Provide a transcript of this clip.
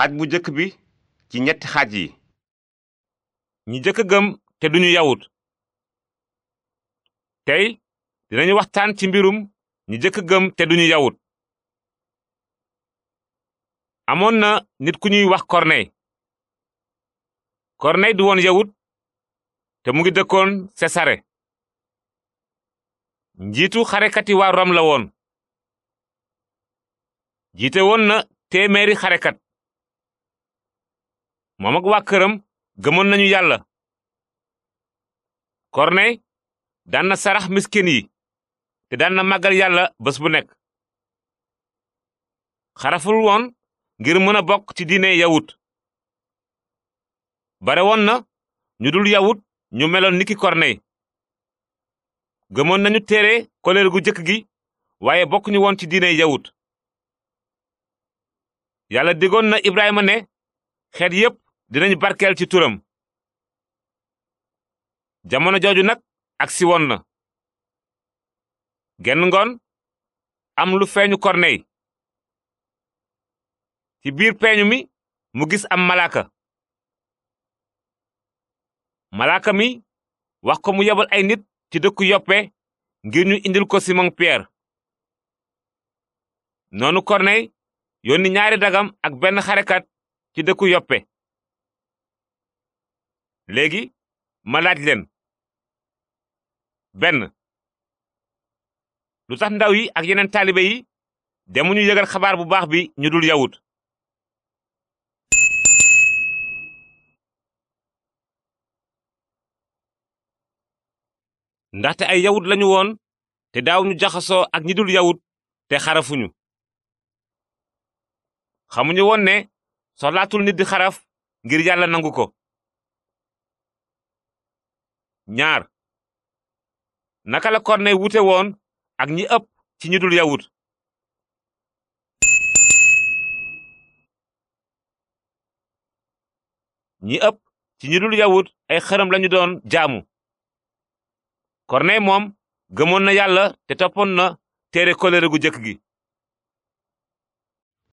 xaaj bu njëkk bi ci ñetti xaaj yi ñi jëkk gëm te duñu yawut tey dinañu waxtaan ci mbirum ñi jëkk gëm te duñu yawut amoon na nit ku ñuy wax korney korney du woon yawut te mu ngi dëkkoon sesare njiitu xarekati waa rom la woon jiite woon na téeméeri xarekat moom ak waa këram gëmoon nañu yàlla Corneille daan na sarax miskin yi te daan na màggal yàlla bés bu nekk xaraful woon ngir mën a bokk ci diine yawut bare woon na ñu dul yawut ñu meloon niki Corneille gëmoon nañu téere koleer gu jëkk gi waaye bokk ñu woon ci diine yawut yàlla digoon na Ibrahima ne xeet yépp dinañ barkeel ci turam jamono jooju nag agsi woon na genn ngoon am lu feeñu Corneille ci biir peeñu mi mu gis am malaaka malaaka mi wax ko mu yebal ay nit ci dëkku yoppe ngir ñu indil ko simoŋ Pierre noonu Corneille yónni ñaari dagam ak benn xarekat ci dëkku yoppe léegi ma laaj leen benn lu tax ndaw yi ak yeneen taalibe yi demuñu yëgal xabaar bu baax bi ñu dul yawut ndaxte ay yawut lañu woon te daawuñu jaxasoo ak ñi dul yawut te xarafuñu xamuñu woon ne soxlaatul nit di xaraf ngir yàlla nangu ko ñaar naka la Corneille wute woon ak ñi ëpp ci ñi dul yawut ñi ci ñi dul ay xërëm lañu doon jaamu Corneille moom gëmoon na yàlla te toppoon na tere kolere gu jëkk gi